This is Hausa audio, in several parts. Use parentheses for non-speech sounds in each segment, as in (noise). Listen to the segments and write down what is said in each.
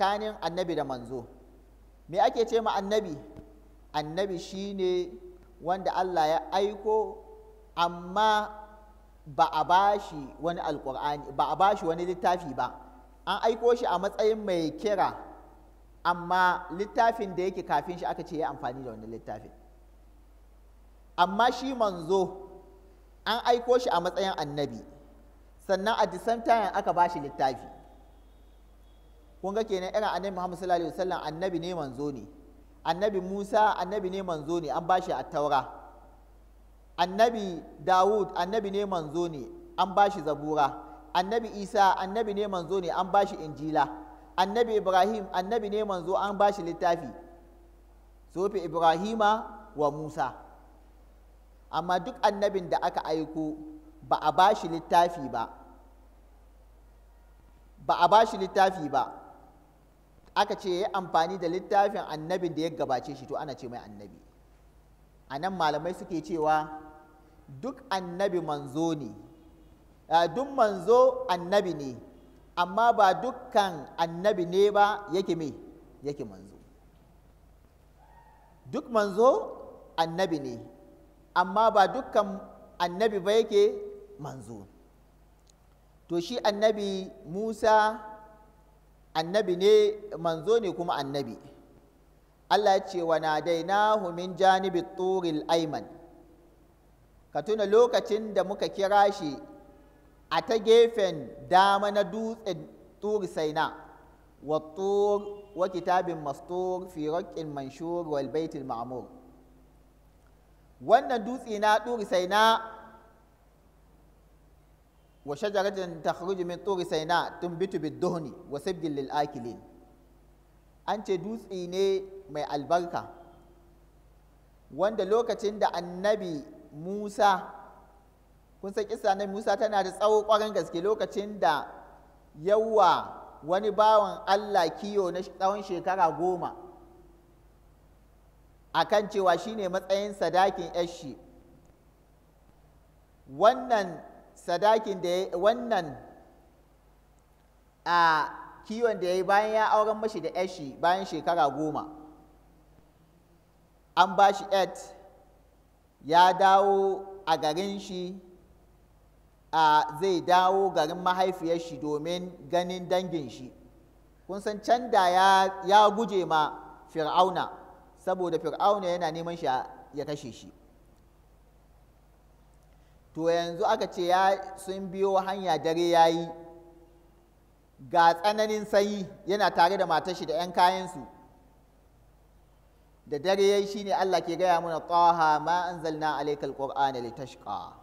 tsakanin annabi da manzo me ake ce ma annabi annabi shine wanda Allah ya aiko amma ba a bashi wani alkur'ani ba a bashi wani littafi ba an aiko shi a matsayin mai kira amma littafin da yake kafin shi aka ce ya amfani da wani littafin amma shi manzo an aiko shi a matsayin annabi sannan a the aka bashi littafi kun ga kenan irin annabi Muhammad sallallahu alaihi wasallam annabi ne manzo ne annabi Musa annabi ne manzo ne an bashi at-taura annabi Dawud annabi ne manzo ne an bashi zabura annabi Isa annabi ne manzo ne an bashi injila annabi Ibrahim annabi ne manzo an bashi littafi sofi Ibrahima wa Musa amma duk annabin da aka aiko ba a bashi littafi ba ba a bashi littafi ba aka ce ya amfani da littafin annabin da ya gabace shi to ana ce mai annabi a nan malamai suke cewa duk annabi manzo ne duk manzo annabi ne amma ba dukkan annabi ne ba yake me yake manzo duk manzo annabi ne amma ba dukkan annabi ba yake manzo to shi annabi musa annabi ne manzo ne kuma annabi Allah ya ce wa nadainahu min janibi turil aiman ka tuna lokacin da muka kira shi a ta gefen dama na dutsen turi saina wa tur wa kitabin mastur fi raqin manshur wal baitil ma'mur wannan dutse na turi saina wa shajaratin takhruju min turi saina tumbitu bidduhni wa sabgin lil akilin an ce dutse ne mai albarka wanda lokacin da annabi Musa kun san kisa na Musa tana da tsawo kwarin gaske lokacin da yawa wani bawan Allah kiyo na tsawon shekara goma a kan cewa shi ne matsayin sadakin yashi wannan sadakin da wannan a kiwon da ya yi bayan ya auren mashi da yashi bayan shekara goma an ba shi et ya dawo a garin shi a zai dawo garin mahaifiyar shi domin ganin dangin shi kun san can da ya guje ma fir'auna saboda fir'auna yana neman shi ya kashe shi to yanzu aka ce ya sun biyo hanya dare ya yi ga tsananin sanyi yana tare da matar shi da 'yan kayansu da dare ya yi shi ne Allah ke gaya mana taha ma an zalna alaikal qur'ana litashqa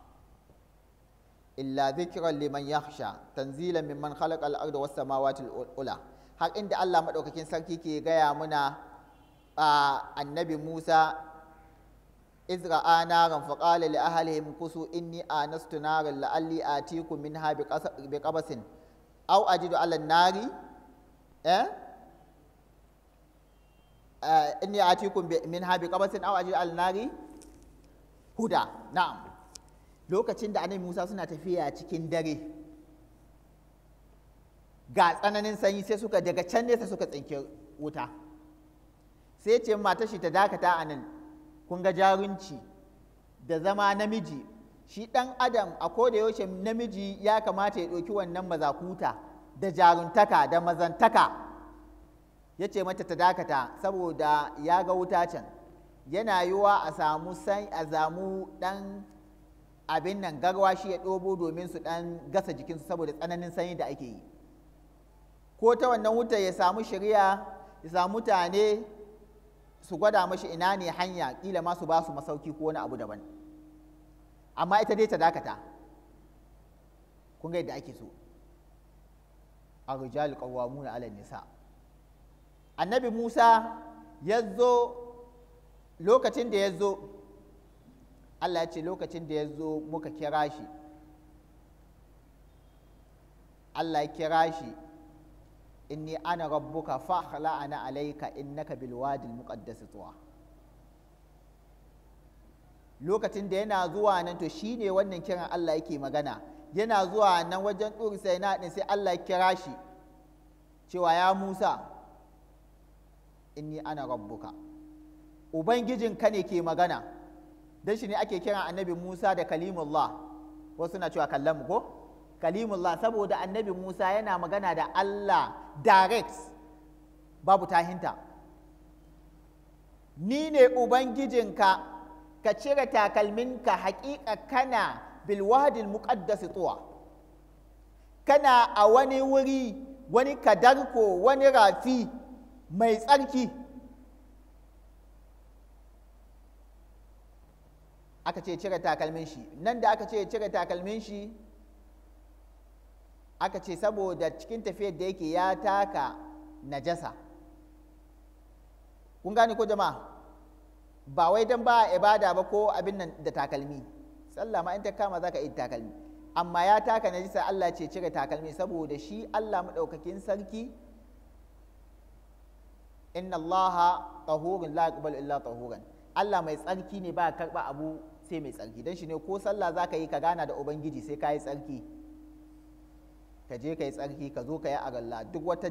illa zikiran liman yakhsha tanzilan mimman khalaqal arda was samawati ula har inda Allah maɗaukakin sarki ke gaya mana annabi Musa izra'a naran faƙala li ahalihim kusu inni anastu naran la'alli atiku minha bi qabasin aw ajidu ala nari eh inni atikum minha bi qabasin aw ajidu ala nari huda na'am lokacin da annabi Musa suna tafiya cikin dare ga tsananin sanyi sai suka daga can ne sai suka tsinke wuta sai ce matashi ta dakata a nan kun ga jarunci da zama namiji shi ɗan adam a koda yaushe namiji ya kamata ya ɗauki wannan mazakuta da jaruntaka da mazantaka ya ce mata ta dakata saboda ya ga wuta can yana yiwa a samu san a zamu ɗan abin nan garwa shi ya ɗobo domin su ɗan gasa jikinsu saboda tsananin sanyi da ake yi ko ta wannan wuta ya samu shari'a ya samu mutane su gwada mashi ina ne hanya kila ma su ba su masauki ko wani abu daban amma ita dai ta dakata kun ga yadda ake so a rijal qawwamuna ala nisa annabi Musa ya zo lokacin da ya zo Allah ya ce lokacin da ya zo muka kira shi Allah ya kira shi inni ana rabbuka fakhla ana alaika innaka bilwadil wadil muqaddas tuwa lokacin da yana zuwa nan to shine wannan kiran Allah yake magana yana zuwa nan wajen ɗuri sai na ɗin sai Allah ya kira shi cewa ya Musa inni ana rabbuka ka ne ke magana dan shi ne ake kiran annabi Musa da kalimullah wasu na cewa kallamu ko kalimullah saboda annabi Musa yana magana da Allah direct babu tahinta ni ne ubangijinka ka cire takalmin ka hakika kana bilwadil muƙaddasi tuwa kana a wani wuri wani kadarko wani rafi mai tsarki aka ce cire takalmin shi nan da aka ce cire takalmin shi aka ce saboda cikin tafiyar da yake ya taka najasa kun gane ko jama'a ba wai dan ba ibada ba ko abin nan da takalmi sallah ma in ta kama zaka yi takalmi amma ya taka najasa Allah ce cire takalmi saboda shi Allah madaukakin sarki inna Allaha tahurun la yaqbalu illa tahuran Allah mai tsarki ne ba karba abu sai mai tsarki dan shi ne ko sallah zaka yi ka gana da ubangiji sai ka yi tsarki ka je ka yi tsarki ka zo ka yi agalla duk wata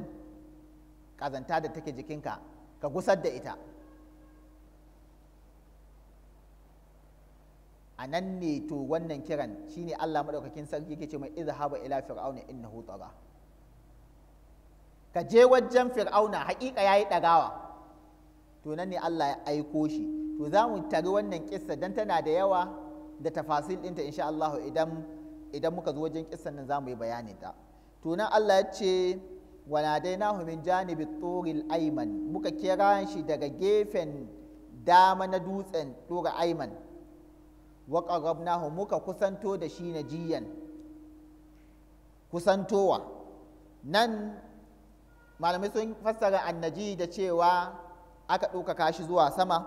ƙazanta da take jikinka ka gusar da ita a nan ne to wannan kiran shine Allah maɗaukakin sarki ke ce mai haba ila fir'auna innahu tagha ka je wajen fir'auna haƙiƙa ya yi ɗagawa to nan ne Allah ya aiko shi to za mu tari wannan kissa dan tana da yawa da tafasil ɗinta insha Allah idan muka zo wajen kissan nan za mu yi bayanin ta Tuna Allah ya ce dai na min janibi turil aiman muka kira shi daga gefen dama na dutsen tura aiman wa qarrabnahu muka kusanto da shi jiyan kusantowa nan malamai sun fassara annaji da cewa aka ɗaukaka shi zuwa sama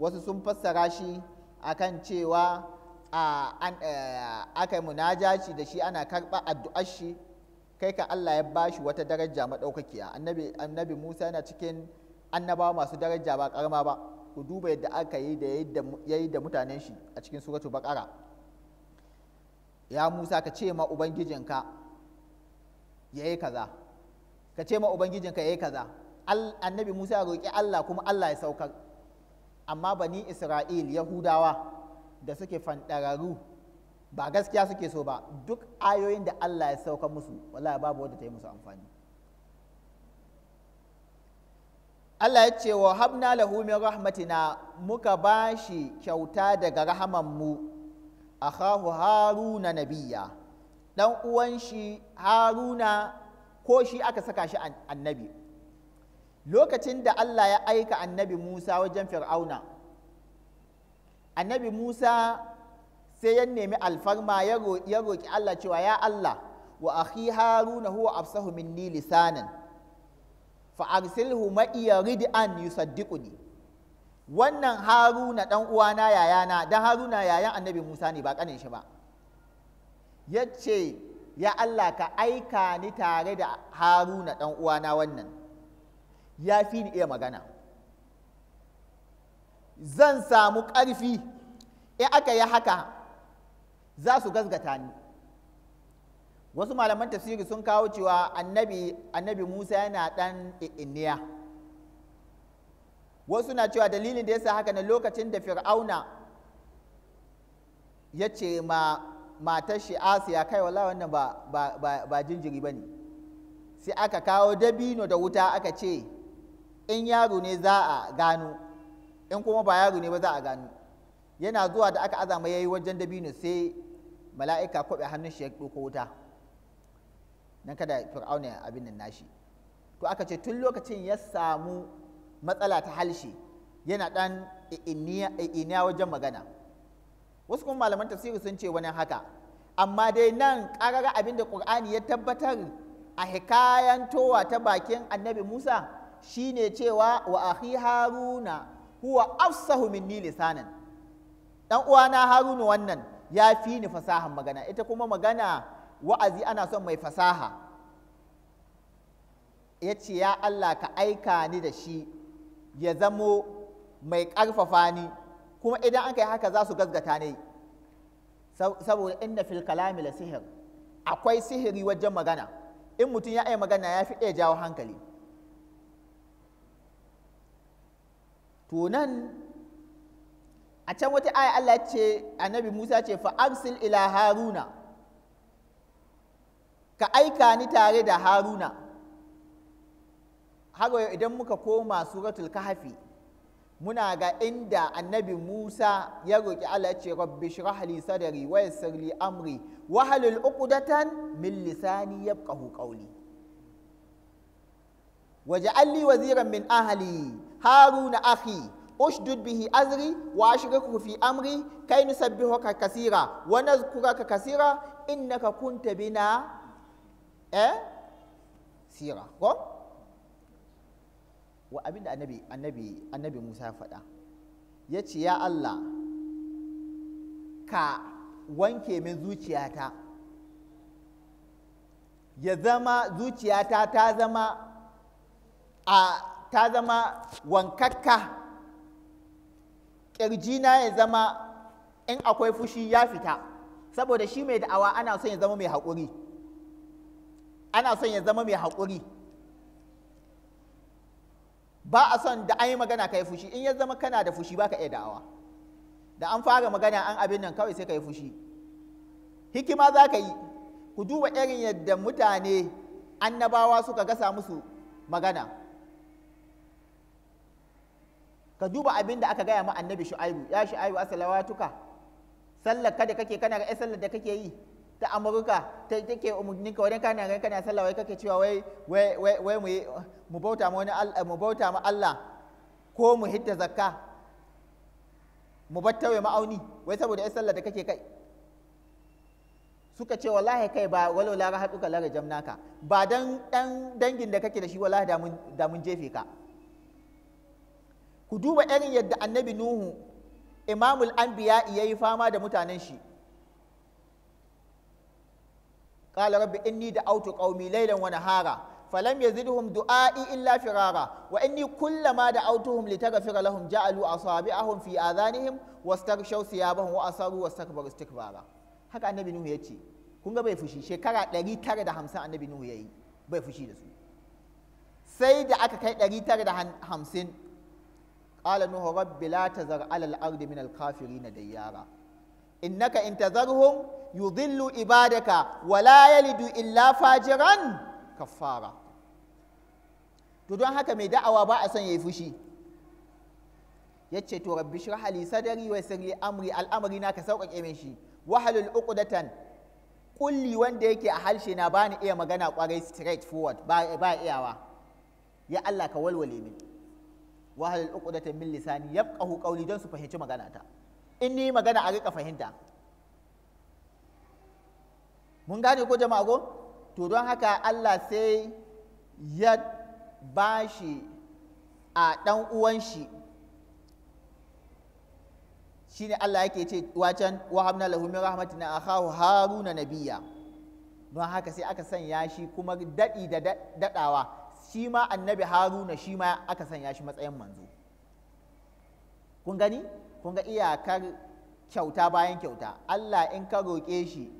wasu sun fassara shi akan cewa eh, aka munajaci da shi ana karɓa addu'ar shi kai ka Allah ya bashi wata daraja madaukakiya annabi annabi Musa yana cikin annabawa masu daraja ba karama ba ku duba yadda aka yi da yayi da mutanen shi a cikin suratul baqara ya Musa ka ce ma ubangijinka yayi kaza ka ce ma ubangijinka yayi kaza annabi Musa ya roki Allah kuma Allah ya saukar amma bani Isra'il Yahudawa da suke fanɗararu ba gaskiya suke so ba duk ayoyin da Allah ya sauka musu wallahi babu wanda ta yi musu amfani Allah ya ce wa habna lahu min rahmatina muka bashi kyauta daga rahaman mu akhahu haruna nabiyya dan uwan shi haruna ko shi aka saka shi annabi lokacin da Allah ya aika annabi Musa wajen fir'auna annabi Musa sai ya nemi alfarma ya roƙi Allah cewa ya Allah wa akhi haruna huwa afsahu minni lisanan fa arsilhu ma iya rid'an yusaddiquni wannan haruna dan uwana yayana dan haruna yayan annabi Musa ne ba kanin shi ba yace ya Allah ka aika ni tare da haruna dan uwana wannan ya fi ni iya magana zan samu ƙarfi in aka yi haka za su gasgata ni wasu malaman tafsiri sun kawo cewa annabi annabi Musa yana dan inniya wasu na cewa dalilin da ya yasa haka na lokacin da fir'auna ya ce ma matar shi asiya kai wallahi wannan ba ba ba, ba jinjiri bane sai aka kawo dabino da wuta aka ce in yaro ne za a gano in kuma ba yaro ne ba za a gano yana zuwa da aka azama ya yi wajen dabino sai mala'ika kwaɓe hannun shi ya ɗoko wuta don kada fir'auna ya abin nan nashi to aka ce tun lokacin ya samu matsala ta halshe yana ɗan iniya wajen magana wasu kuma malaman tafsiri sun ce wani haka amma dai nan ƙarar abin da ƙur'ani ya tabbatar a hikayen towa ta bakin annabi musa shine cewa wa akhi haruna huwa afsahu minni lisanan dan uwana haruna wannan ya fi ni fasahan magana ita kuma magana wa'azi ana son mai fasaha ya ce ya Allah ka aika ni da shi ya zamo mai ƙarfafa ni kuma idan aka yi haka za su gasgata ne saboda inna fil kalami la sihir akwai sihiri wajen magana in mutum ya yi magana ya fi iya jawo hankali to nan a can wata aya Allah ce annabi Musa ce fa arsil ila haruna ka aika ni tare da haruna har idan muka koma suratul kahfi muna ga inda annabi Musa ya roƙi Allah ce rabbi shrah li sadri wa yassir amri wa halul uqdatan min lisani yafqahu qawli waj'al li waziran min ahli haruna akhi ushdud bihi azri wa ashriku fi amri kai nusabbihuka kasira wa nazkuraka kasira innaka kunta bina eh sira ko wa abinda annabi annabi annabi Musa faɗa ya ya Allah ka wanke min zuciyata ya zama zuciyata ta zama a ta zama wankakka na ya zama in akwai fushi ya fita saboda shi mai da'awa ana son ya zama mai haƙuri ana son ya zama mai haƙuri ba a son da an yi magana ka yi fushi in ya zama kana da fushi ba ka iya da'awa da an fara magana an abin nan kawai sai ka yi fushi hikima za ka yi ku duba irin yadda mutane annabawa suka gasa musu magana ka duba abin da aka gaya ma annabi shu'aibu ya shu'aibu tuka sallar ka da kake kana ga sallar da kake yi ta amurka ta take umurninka wani kana ga kana sallah wai kake cewa wai wai wai mu mu bauta ma wani Allah mu bauta ma Allah ko mu hidda zakka mu battawe ma'auni wai saboda ai sallar da kake kai suka ce wallahi kai ba walau la rahatuka la rajamnaka ba dan dan dangin da kake da shi wallahi da mun da mun jefe ka ku duba irin yadda annabi nuhu imamul anbiya ya yi fama da mutanen shi qala rabbi inni da'awtu qaumi laylan wa nahara falam yazidhum du'a'i illa firara wa inni kullama da'awtuhum litaghfira lahum ja'alu asabi'ahum fi adhanihim wastaghshaw wa asaru wastakbaru istikbara haka annabi nuhu ya ce kun ga bai fushi shekara 950 annabi nuhu yayi bai fushi da su sai da aka kai 950 qala nuhu rabbi la tazar ala al-ardi min al-kafirin dayyara innaka in tazarhum yudhillu ibadaka wa la yalidu illa fajiran kafara to don haka mai da'awa ba a son yayi fushi yace to rabbi shrah li sadri wa sirri amri na ka sauƙaƙe min shi wahalul uqdatan kulli wanda yake a halshe na bani iya magana kwarai straight forward ba iyawa ya Allah ka walwale min wa da ta min lisani yafqahu qawli don su fahimci magana ta in ni magana a rika fahimta mun gane ko jama'a go? to don haka Allah sai ya bashi a dan uwan shi shine Allah yake ce wacan wa habna na min rahmatina akhahu haruna nabiyya don haka sai aka sanya shi kuma daɗi da daɗawa shi ma annabi haruna shi ma aka sanya shi matsayin manzo kun gani kun ga iyakar kyauta bayan kyauta Allah in ka roƙe shi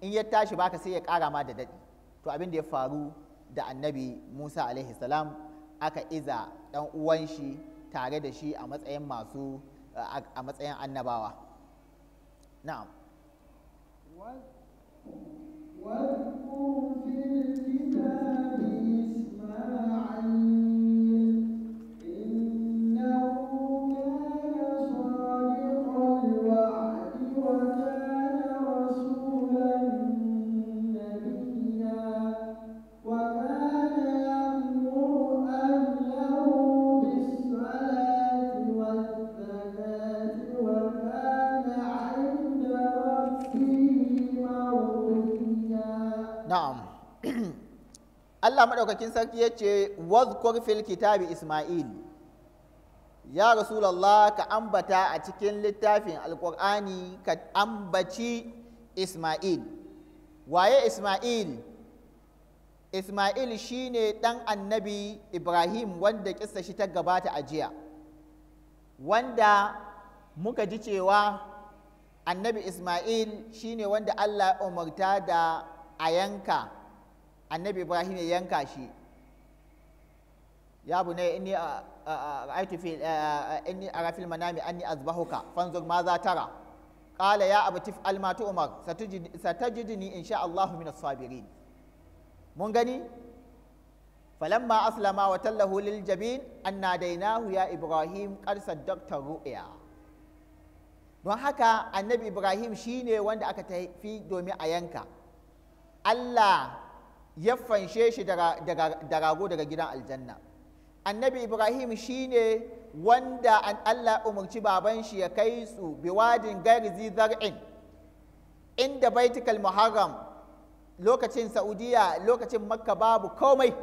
in ya tashi baka sai ya ƙara ma da daɗi to abin da ya faru da annabi Musa alaihi salam aka iza ɗan uwan shi tare da shi a matsayin masu a matsayin annabawa na'am Allah maɗaukakin sarki ya ce wazkur fil kitabi Ismail ya Rasulallah ka ambata a cikin littafin alƙur'ani ka ambaci Ismail waye Ismail Ismail shine ɗan annabi Ibrahim wanda kissa shi ta gabata a jiya wanda muka ji cewa annabi Ismail shine wanda Allah ya umarta da a yanka annabi ibrahim ya yanka shi ya bunai inni inni ara fil manami anni azbahuka fanzur ma za tara kala ya abati fa'al umar tu'mar satajidni insha Allah min sabirin mun gani falamma aslama wa tallahu lil jabin anna dainahu ya ibrahim qad saddaqta ru'ya don haka annabi ibrahim shine wanda aka tafi domin a yanka Allah ya fanshe shi da rago daga gidan aljanna annabi ibrahim shine wanda an allah umarci baban shi ya kai su biwadin garizi zar'in inda baitikal muharram lokacin saudiya lokacin makka babu komai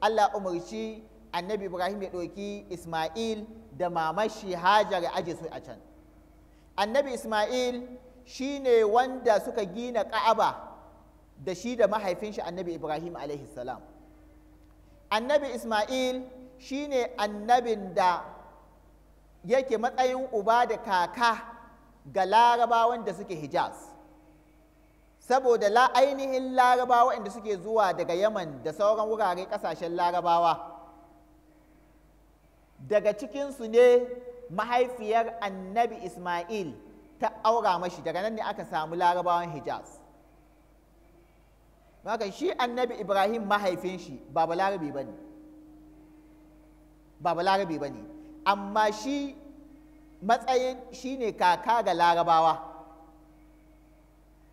allah umarci annabi ibrahim ya ɗauki isma'il da mamashi hajar aje su a can annabi isma'il shine wanda suka gina ka'aba da shi da mahaifin shi annabi ibrahim alaihi salam annabi isma'il shine annabin da yake matsayin uba da kaka ga larabawan da suke hijaz saboda la ainihin larabawa inda suke zuwa daga yaman da sauran wurare kasashen larabawa daga cikinsu ne mahaifiyar annabi isma'il ta aura mashi daga nan ne aka samu larabawan hijaz haka shi annabi ibrahim mahaifin shi ba balarabe ba ne ba balarabe ba ne amma shi matsayin shi ne kaka ga larabawa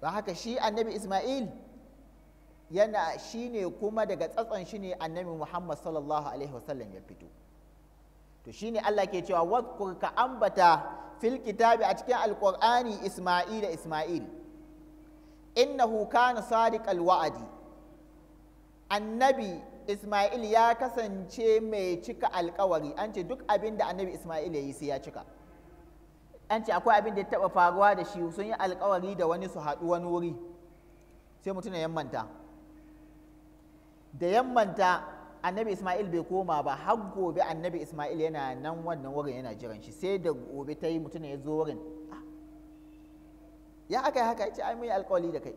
ba haka shi annabi ismail yana shi ne kuma daga tsatson shi ne annabi muhammad sallallahu alaihi wasallam ya fito to shi ne allah ke cewa wadkur ka ambata fil kitabi a cikin alkur'ani ismail da ismail innahu kana sadiqal wa'adi annabi Ismail ya kasance mai cika alkawari an ce duk abin da annabi Ismail ya yi sai ya cika an ce akwai abin da ya taba faruwa da shi sun yi alkawari da wani su haɗu wani wuri sai mutum ya yammanta da yammanta annabi Ismail bai koma ba har gobe annabi Ismail yana nan wannan wurin yana jiran shi sai da gobe ta yi mutum ya zo wurin ya aka yi haka ya ce ai mun alkawali da kai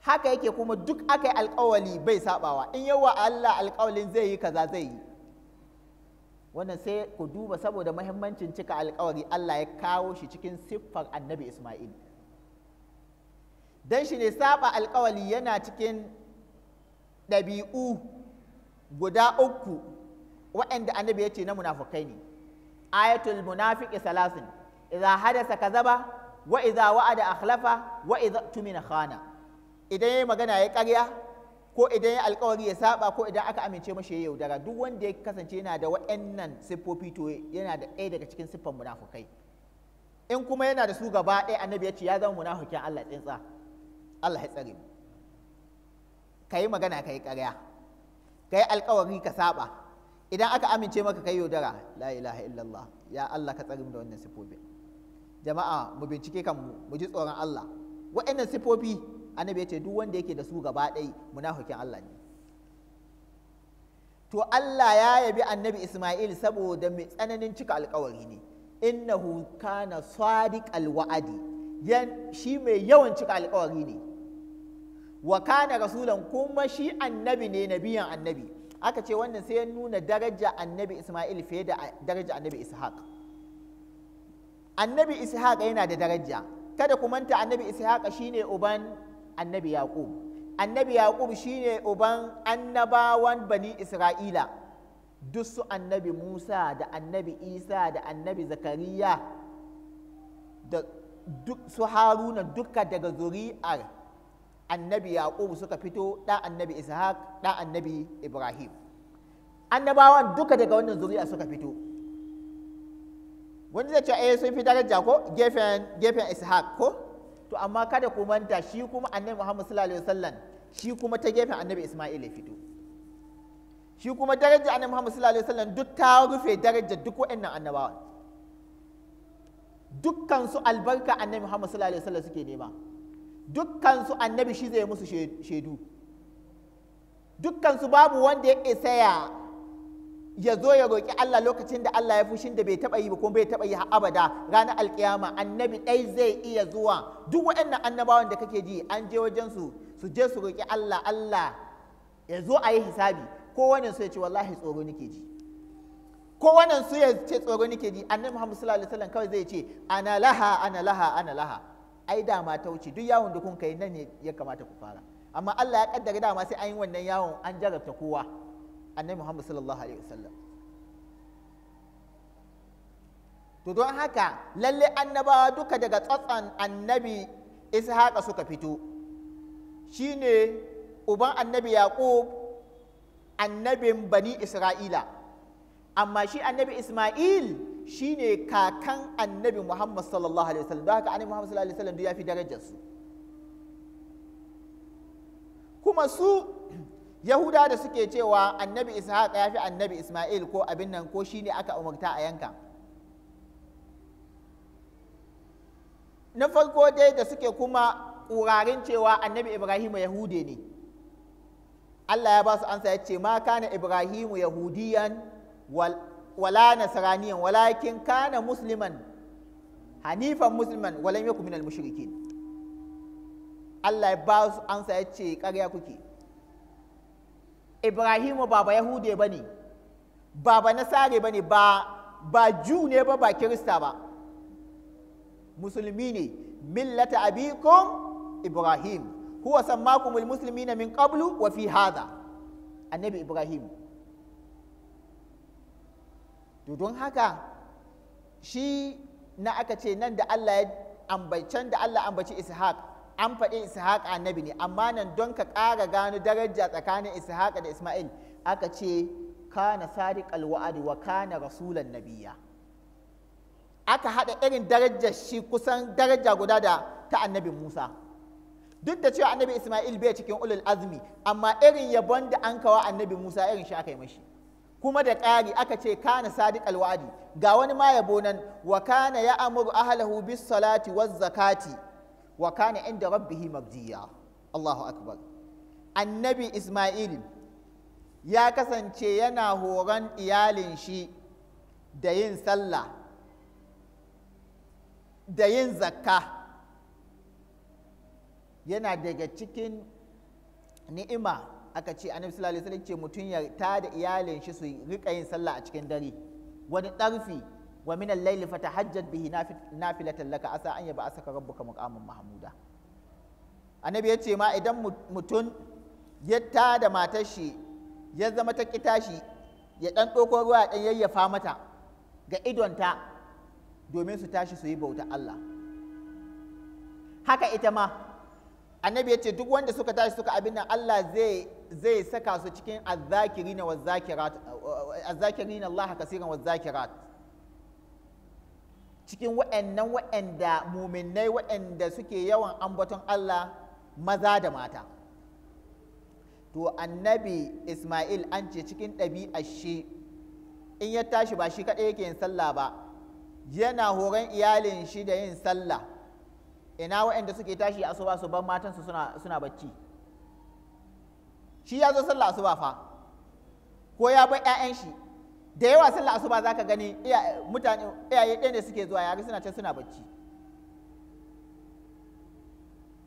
haka yake kuma duk aka yi alkawali bai sabawa in yawa Allah alkawalin zai yi kaza zai yi wannan sai ku duba saboda mahimmancin cika alkawari Allah ya kawo shi cikin siffar annabi Ismail dan shi ne saba alkawali yana cikin ɗabi'u guda uku waɗanda annabi ya ce na munafukai ne ayatul munafiki salasin idza hadasa kazaba wa idza wa'ada akhlafa wa idza tumina khana idan yayi magana ya ƙarya ko idan ya alƙawari ya saba ko idan aka amince mashi ya yaudara duk wanda ya kasance yana da wa'annan siffofi to yana da ɗaya daga cikin siffan munafukai in kuma yana da su gaba ɗaya annabi ya ce ya zama munafukin Allah tsintsa Allah ya tsare mu ka yi magana ka yi ƙarya ka yi alkawari ka saba idan aka amince maka kai yaudara la ilaha illallah ya Allah ka tsare mu da wannan siffofin jama'a mu bincike kanmu mu ji tsoron Allah wa'annan sifofi annabi ya ce duk wanda yake da su gaba ɗaya munafikin Allah ne to Allah ya yabi annabi Ismail saboda mai tsananin cika alkawari ne innahu kana sadiqal wa'adi yan shi mai yawan cika alkawari ne wa kana rasulan kuma shi annabi ne nabiyan annabi aka ce wannan sai ya nuna daraja annabi Ismail fiye da daraja annabi Ishaq annabi ishaq yana da daraja kada ku manta annabi ishaq shine uban annabi yaqub annabi yaqub shine uban annabawan bani isra'ila duk su annabi musa da annabi isa da annabi zakariya da duk su haruna duka daga zuri'ar annabi yaqub suka fito da annabi ishaq da annabi ibrahim annabawan duka daga wannan zuri'a suka fito wanda zai ce eh sun fi daraja ko gefen gefen ishaq ko to amma kada ku manta shi kuma annabi muhammad sallallahu alaihi wasallam shi kuma ta gefen annabi isma'il ya fito shi kuma daraja annabi muhammad sallallahu alaihi wasallam duk ta rufe daraja duk wa'annan annabawa dukkan su albarka annabi muhammad sallallahu alaihi wasallam suke nema dukkan su annabi shi zai musu shaidu dukkan su babu wanda ya isa ya ya zo ya roƙi Allah lokacin da Allah ya fushin da bai taɓa yi ba ko bai taɓa yi abada ranar alƙiyama annabi ɗai zai iya zuwa duk waɗannan annabawan da kake ji an je wajen su su je su roƙi Allah Allah ya zo a yi hisabi wannan su ya ce wallahi tsoro nake ji wannan su ya ce tsoro nake ji annabi Muhammad sallallahu alaihi wasallam kawai zai ce ana laha ana laha ana laha ai da ma ta wuce duk yawon da kun kai nan ne ya kamata ku fara amma Allah ya kaddara dama sai an yi wannan yawon an jarabta kowa annabi Muhammad sallallahu alaihi wasallam to don haka lalle annabawa duka daga tsatsan annabi ishaqa suka fito shine uban annabi yaqub annabin bani isra'ila amma shi annabi isma'il shine kakan annabi muhammad sallallahu alaihi wasallam don haka annabi muhammad sallallahu alaihi wasallam ya fi darajarsu kuma su yahuda da suke cewa annabi ishaq ya fi annabi isma'il ko abin nan ko shine aka umarta a yanka na farko dai da suke kuma ƙurarin cewa annabi ibrahim yahude ne allah ya ba su ansa ya ce ma kana ibrahim yahudiyan wala nasraniyan walakin kana musliman hanifan musliman walam yakun minal mushrikin allah ya ba su ansa ya ce ƙarya kuke ibrahimu ba ba yahude ba ne ba ba nasare ba ne ba ju ne ba ba kirista ba musulmi ne millata abikum ibrahim huwa sammakumul muslimina min qablu wa fi hadha annabi ibrahim to don haka shi na aka ce nan da Allah ya ambacan da Allah ambaci ishaq an faɗi ishaq annabi ne amma nan don ka ƙara gano daraja tsakanin ishaq da isma'il aka ce kana sadiqal wa'adi wa kana rasulan nabiyya aka haɗa irin daraja shi kusan daraja guda da ta annabi musa duk da cewa annabi isma'il bai cikin ulul azmi amma irin yabon da an kawa annabi musa irin shi aka yi mashi kuma da ƙari aka ce kana sadiq alwa'adi ga wani ma yabo nan wa kana ya amuru ahlahu bis salati waz zakati wa kana inda rabbihi mabdiya Allahu akbar annabi Ismail ya kasance yana horon iyalin shi da yin sallah da yin zakka yana daga cikin ni'ima aka ce annabi sallallahu alaihi wasallam ce mutum ya tada iyalin shi su rika yin sallah a cikin dare wani ɗarfi wa min al-layli fatahajjat bihi nafilatan laka asa an yaba asaka rabbuka muqaman mahmuda annabi yace ma idan mutum ya tada matar shi ya zama ta kita ya dan doko ruwa dan yayyafa mata ga idonta domin su tashi su yi bauta Allah haka ita ma annabi yace duk wanda suka tashi suka abin nan Allah zai zai saka su cikin azzakirina wazzakirat azzakirin Allah kasiran wazzakirat cikin wa'annan wa'anda muminai wa'anda suke yawan ambaton Allah maza da mata to annabi Ismail an ce cikin ɗabi'ar shi in ya tashi ba shi kaɗai yake yin sallah ba yana horon iyalin shi da yin sallah ina wa'anda suke tashi a asuba su ban su suna suna bacci shi ya zo sallah asuba fa ko ya bar 'ya'yan shi da yawa sallah asuba zaka gani iyaye ɗaya ne suke zuwa yare suna can suna bacci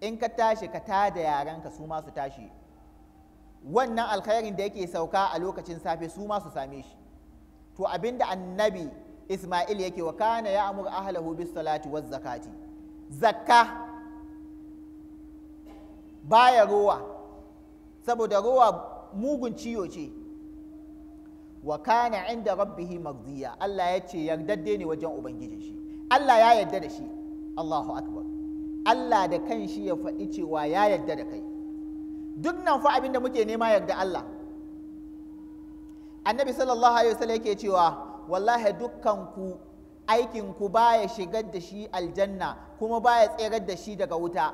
in ka tashi ka tada yaranka su ma su tashi wannan alkhairin da yake sauka a lokacin safe su ma su same shi to abinda annabi Ismail yake wa kana ya amur ahlahu bis salati waz zakati zakka baya rowa saboda rowa mugun ciyo ce wa kana inda rabbihi mardiya Allah ya ce yardadde ne wajen ubangijin shi Allah ya yarda da shi Allahu akbar Allah da kan shi ya faɗi cewa ya yarda da kai duk nan fa abin da muke nema yarda Allah annabi sallallahu alaihi wasallam yake cewa wallahi dukkan ku aikin ku baya shigar da shi aljanna kuma baya tserar da shi daga wuta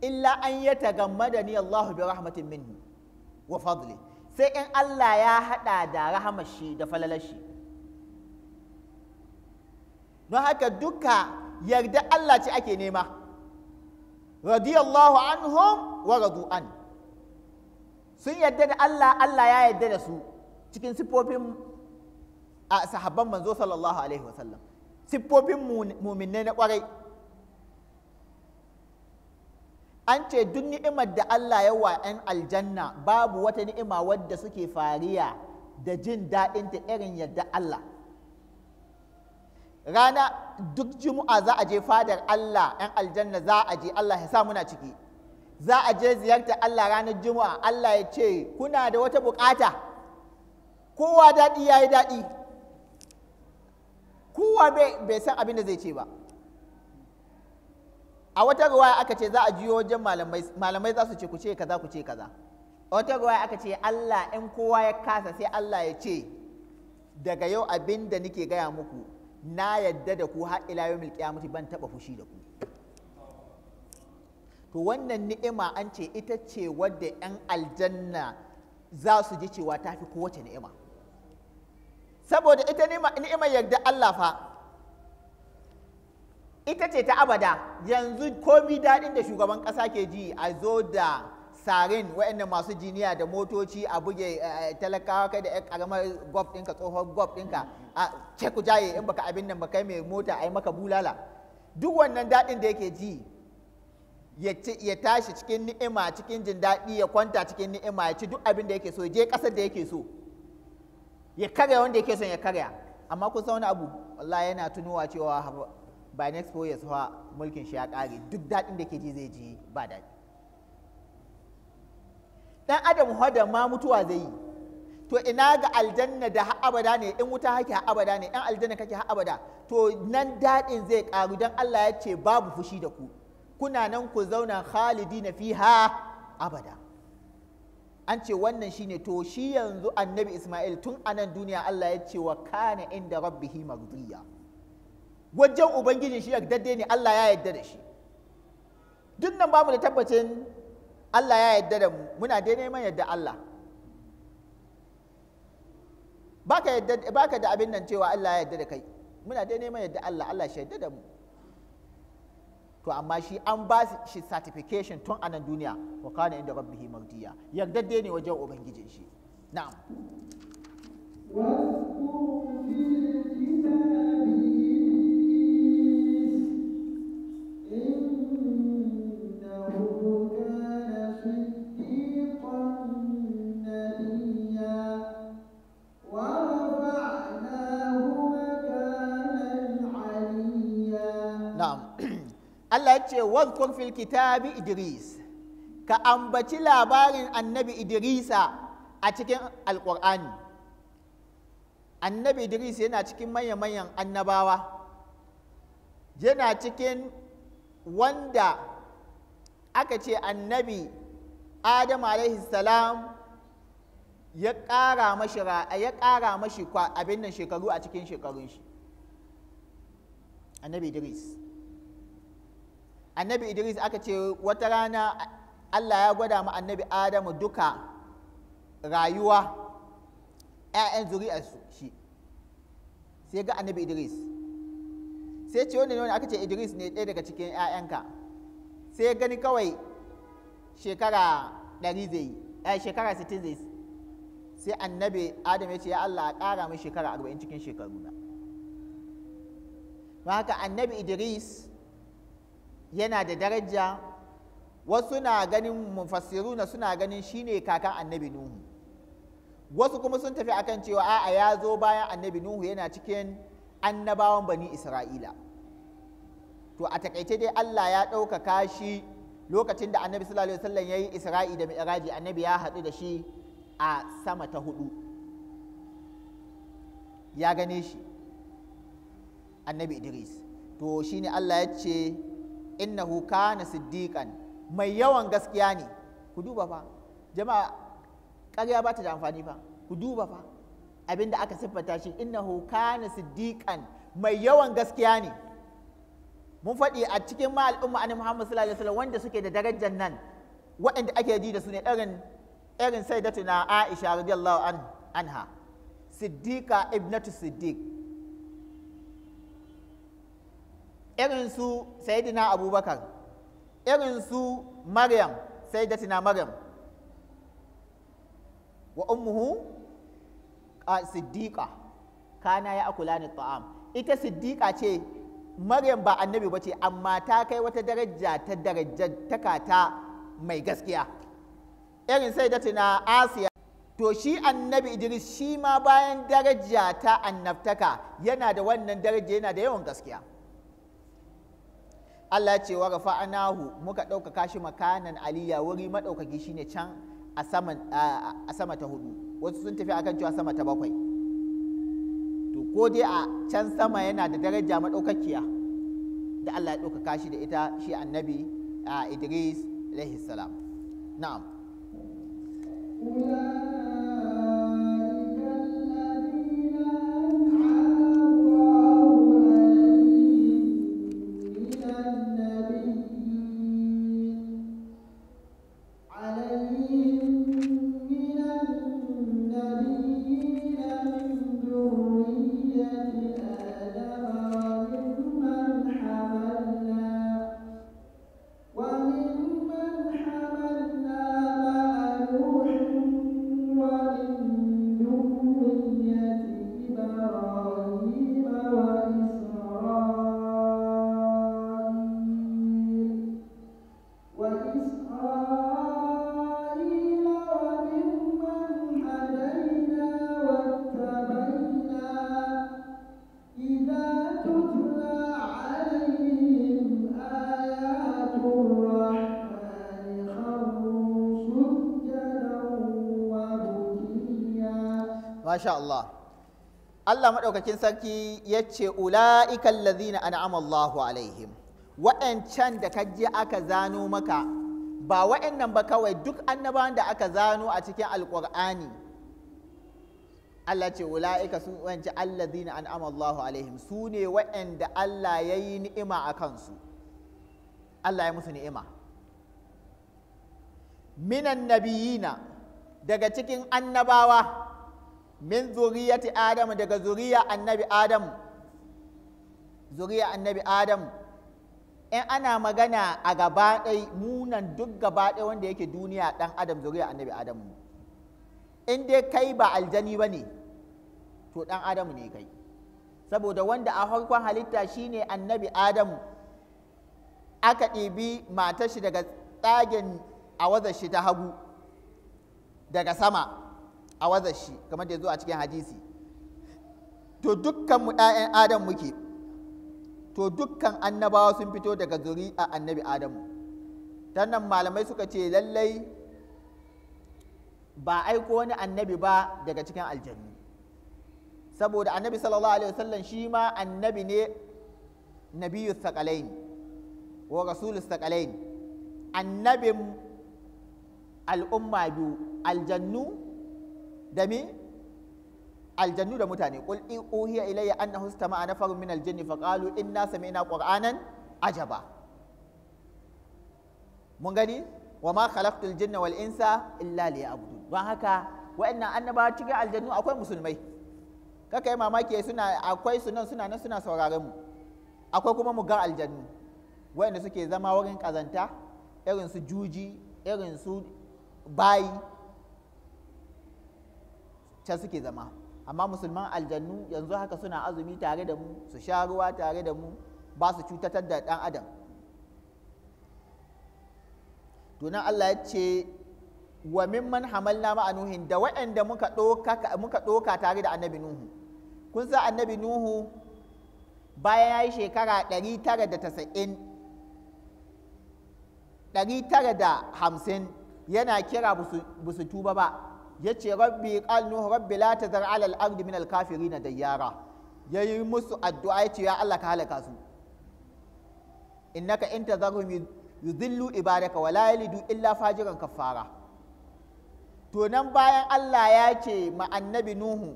illa an yata gammada ni Allahu bi rahmatin minhu wa fadli sai in Allah ya haɗa da rahamashi da falalashi don haka duka yarda Allah ce ake nema radiyallahu anhum wa radu'an sun yarda da Allah Allah ya yarda da su cikin siffofin a sahabban manzo sallallahu alaihi wasallam siffofin muminai na kwarai an ce duk ni'imar da Allah ya wa 'yan aljanna babu wata ni'ima wadda suke fariya da jin daɗinta irin yadda Allah rana duk jimu'a za a je fadar Allah 'yan aljanna za a je Allah ya sa muna ciki za a je ziyarta Allah ranar juma'a Allah ya ce kuna da wata bukata kowa daɗi ya yi daɗi kowa bai san abin da zai ce ba a wata ruwaya aka ce za a jiyo wajen malamai malamai za su ce ku ce kaza ku ce kaza a wata ruwaya aka ce Allah in kowa ya kasa sai Allah ya ce daga yau abin da nake gaya muku na yadda da ku har ila yau qiyamati ban taba fushi da ku to wannan ni'ima an ce ita ce wadda 'yan aljanna za su ji cewa ta fi kowace ni'ima saboda ita ni'imar yarda Allah fa ita ce ta abada yanzu komi daɗin da shugaban ƙasa ke ji a zo da sarin waɗanda masu jiniya da motoci a buge eh, eh, talakawa kai da yan karamar gwab ɗinka tsohon gwab ɗinka a ce jaye in baka abin nan ba mai mota a yi maka bulala duk wannan daɗin da yake ji ya tashi cikin ni'ima cikin jin daɗi ya kwanta cikin ni'ima ya ci duk abin da yake so je ƙasar da yake so ya karya wanda yake son ya karya amma kun san wani abu wallahi yana tunowa cewa by next four years fa mulkin shi ya kare duk daɗin da ke ji zai ji ba daɗi dan adam hada ma mutuwa zai yi to ina ga aljanna da ha abada ne in wuta hake ha abada ne in aljanna kake ha abada to nan daɗin zai ƙaru dan Allah ya ce babu fushi da ku kuna nan ku zauna khalidina fiha abada an ce wannan shine to shi yanzu annabi Ismail tun anan duniya Allah ya ce wa kana inda rabbihi magdiya wajen ubangijin shi yardadde ne Allah ya yadda da shi duk nan bamu da tabbacin Allah ya yadda da mu muna dai neman yadda Allah baka yadda baka da abin nan cewa Allah ya yadda da kai muna dai neman yadda Allah Allah shi yadda da mu to amma shi an ba shi certification tun a nan duniya wa kana inda rabbihi mardiya dai ne wajen ubangijin shi na'am Allah ya ce wadhkur fil kitabi Idris ka ambaci labarin annabi Idrisa a cikin alƙur'ani annabi Idris yana cikin manya-manyan annabawa yana cikin wanda aka ce annabi Adam salam ya kara mashi ya ƙara mashi abin nan shekaru a cikin shekarun shi annabi Idris annabi idris aka ce wata rana allah ya gwada ma annabi adamu duka rayuwa 'ya'yan zuri'arsu shi sai ga annabi idris sai ce wani aka ce idris ne ɗaya daga cikin 'ya'yanka sai gani kawai shekara 100 zai yi eh, shekara 60 zai sai annabi adam ya ce ya allah ƙara mai shekara 40 cikin shekaru na haka annabi idris yana da daraja wasu na ganin mufassiruna suna ganin shine kakan annabi nuhu wasu kuma sun tafi akan cewa a'a ya zo bayan annabi nuhu yana cikin annabawan bani isra'ila to a takaice dai allah ya ɗaukaka shi lokacin da annabi sallallahu alaihi wasallam ya isra'i da mi'raji annabi ya haɗu da shi a sama ta hudu ya gane shi annabi idris to shine allah ya ce innahu kana siddiqan mai yawan gaskiya ne ku duba fa jama'a ƙarya ba ta da amfani fa ku duba fa abin da aka siffata shi innahu kana siddiqan mai yawan gaskiya ne mun faɗi a cikin ma al'umma annabi Muhammad sallallahu alaihi wasallam wanda suke da darajar nan waɗanda ake ji da su ne irin irin sayyidatuna Aisha radiyallahu anha siddiqa ibnatu siddiq irin su sayyidina abubakar irin su maryam sayyidatina maryam wa ummuhu siddiqa kana ya akula ni ta'am ita siddiqa ce maryam ba annabi ba ce amma ta kai wata daraja ta darajar ta mai gaskiya irin sayyidatina asiya to shi annabi idris shi ma bayan daraja ta annabtaka yana da wannan daraja yana da yawan gaskiya Allah ce wa rafa'nahu muka ɗaukaka shi makanan aliya wuri maɗaukaki shine can a sama ta hudu wasu sun tafi akan cewa sama ta bakwai to ko dai a can sama yana da daraja maɗaukakiya da Allah ya ɗaukaka shi da ita shi annabi Idris alaihi salam na'am Allah maɗaukakin sarki ya ce ula'ika allazina an'ama amallahu alaihim wa'ancan da ka aka zano maka ba wa'annan ba kawai duk annabawan da aka zano a cikin alƙur'ani Allah ce ula'ika sun wa'anci allazina an'ama amallahu alaihim su ne wa'anda Allah ya yi ni'ima a kansu Allah ya musu ni'ima minan nabiyina daga cikin annabawa min zuriyati adam daga zuriya annabi adam zuriya annabi adam in ana magana a gaba ɗai munan duk gaba ɗai wanda yake duniya ɗan adam zuriya annabi adam in dai kai ba aljani ba ne to ɗan adam ne kai saboda wanda a farkon halitta shine annabi adam aka ɗebi matar shi daga tsagen a wazar shi ta hagu daga sama a wazar shi kamar da ya zo a cikin hadisi to dukkanmu ‘ya'yan adam muke to dukkan annabawa sun fito daga a annabi adamu ta nan malamai suka ce lallai ba aiko wani annabi ba daga cikin aljannu saboda annabi sallallahu alaihi wasallam shi ma annabi ne nabiyyu thaqalain wa rasulu thaqalain annabin al'umma biyu aljannu da me aljannu da mutane qul uhiya ilayya annahu istama'a nafarun min aljinni faqalu inna sami'na qur'anan ajaba mun gani wa ma khalaqtul jinna wal insa illa liya'budun don haka wa'annan annabawa cikin aljannu akwai musulmai kaka yi mamaki suna akwai su nan suna nan suna sauraron mu akwai kuma mu ga aljannu wa'anda suke zama wurin kazanta irin su juji irin su bayi can suke zama amma musulman aljannu yanzu haka suna azumi tare da mu su sha ruwa tare da mu ba su cutatar da ɗan adam tunan Allah ya ce wa mimman hamalna ma nuhin da waɗanda muka ɗoka muka tare da annabi nuhu kun san annabi nuhu bayan ya yi shekara da hamsin yana kira busu tuba ba yace rabbi qal nuhu rabbi la tazar ala al ardi min al kafirin dayyara yayi musu addu'a yace ya Allah ka halaka su innaka in tazarhum yudhillu ibadaka wa la yalidu illa fajiran kaffara to nan bayan Allah ya ce ma annabi nuhu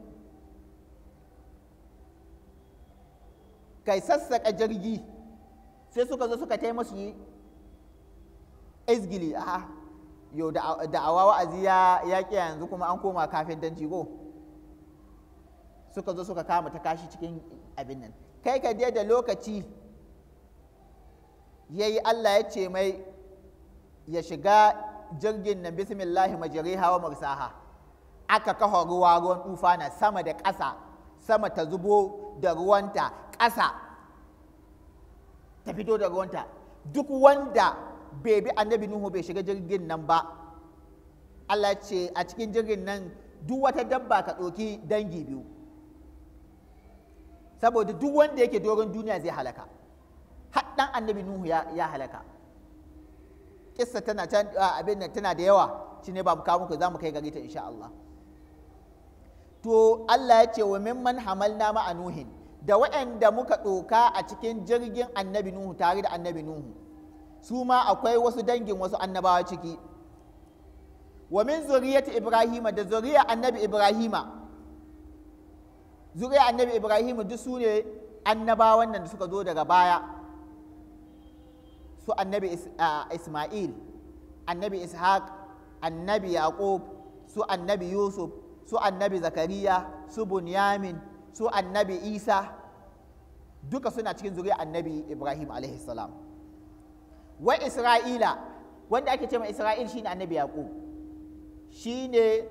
kai sassaka jirgi sai suka zo suka taimasu izgili a'a yau awa wa'azi ya ƙiya yanzu kuma an koma kafin danci go suka zo suka kama ta kashi cikin abin nan kai ka da lokaci ya yi Allah ya ce mai ya shiga jirgin nan bismillahi majriha hawa mursaha aka kafa ruwa ruwan tufa na sama da ƙasa sama ta zubo da ruwanta ƙasa ta fito da ruwanta duk wanda bai bi annabi nuhu bai shiga jirgin nan ba Allah ce a cikin jirgin nan duk wata dabba ka ɗauki dangi biyu saboda duk wanda yake dogon duniya zai halaka haɗɗan annabi nuhu ya, ya halaka kissa tana can abin nan tana da yawa shi ne ba mu kawo muku za mu kai gari ta insha Allah to Allah ya ce wa mimman hamalna ma nuhin da waɗanda muka ɗoka a cikin jirgin annabi nuhu tare da annabi nuhu su ma akwai wasu dangin wasu annabawa ciki wa min zuriyati ibrahima da zuriya annabi ibrahima zuriya annabi ibrahima duk su ne annabawan nan da suka zo daga baya su annabi isma'il annabi ishaq annabi yaqub su annabi yusuf su annabi zakariya su bunyamin su annabi isa duka suna cikin zuriya annabi ibrahim alaihi salam wa isra'ila wanda ake ce ma isra'il shine annabi yaqub shine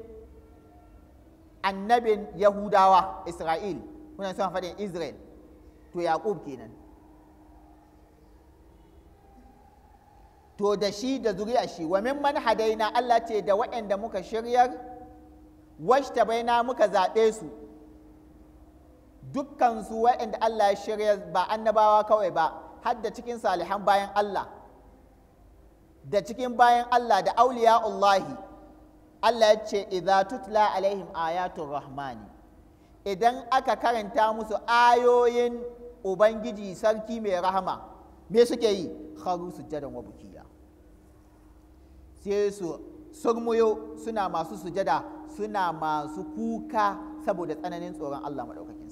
annabin yahudawa isra'il kuna son faɗin israel to yaqub kenan to da shi da zuriya shi wa mimman hadaina Allah ce da waɗanda muka shiryar washta baina muka zaɓe su dukkansu waɗanda Allah ya shirya ba annabawa kawai ba har da cikin salihan bayan Allah da cikin bayan Allah da auliya Allahi Allah ya ce idza tutla alaihim ayatul rahmani idan aka karanta musu ayoyin ubangiji sarki mai rahama me suke yi kharu wa bukiya sai su surmuyo suna masu sujada suna masu kuka saboda tsananin tsoron Allah madaukaki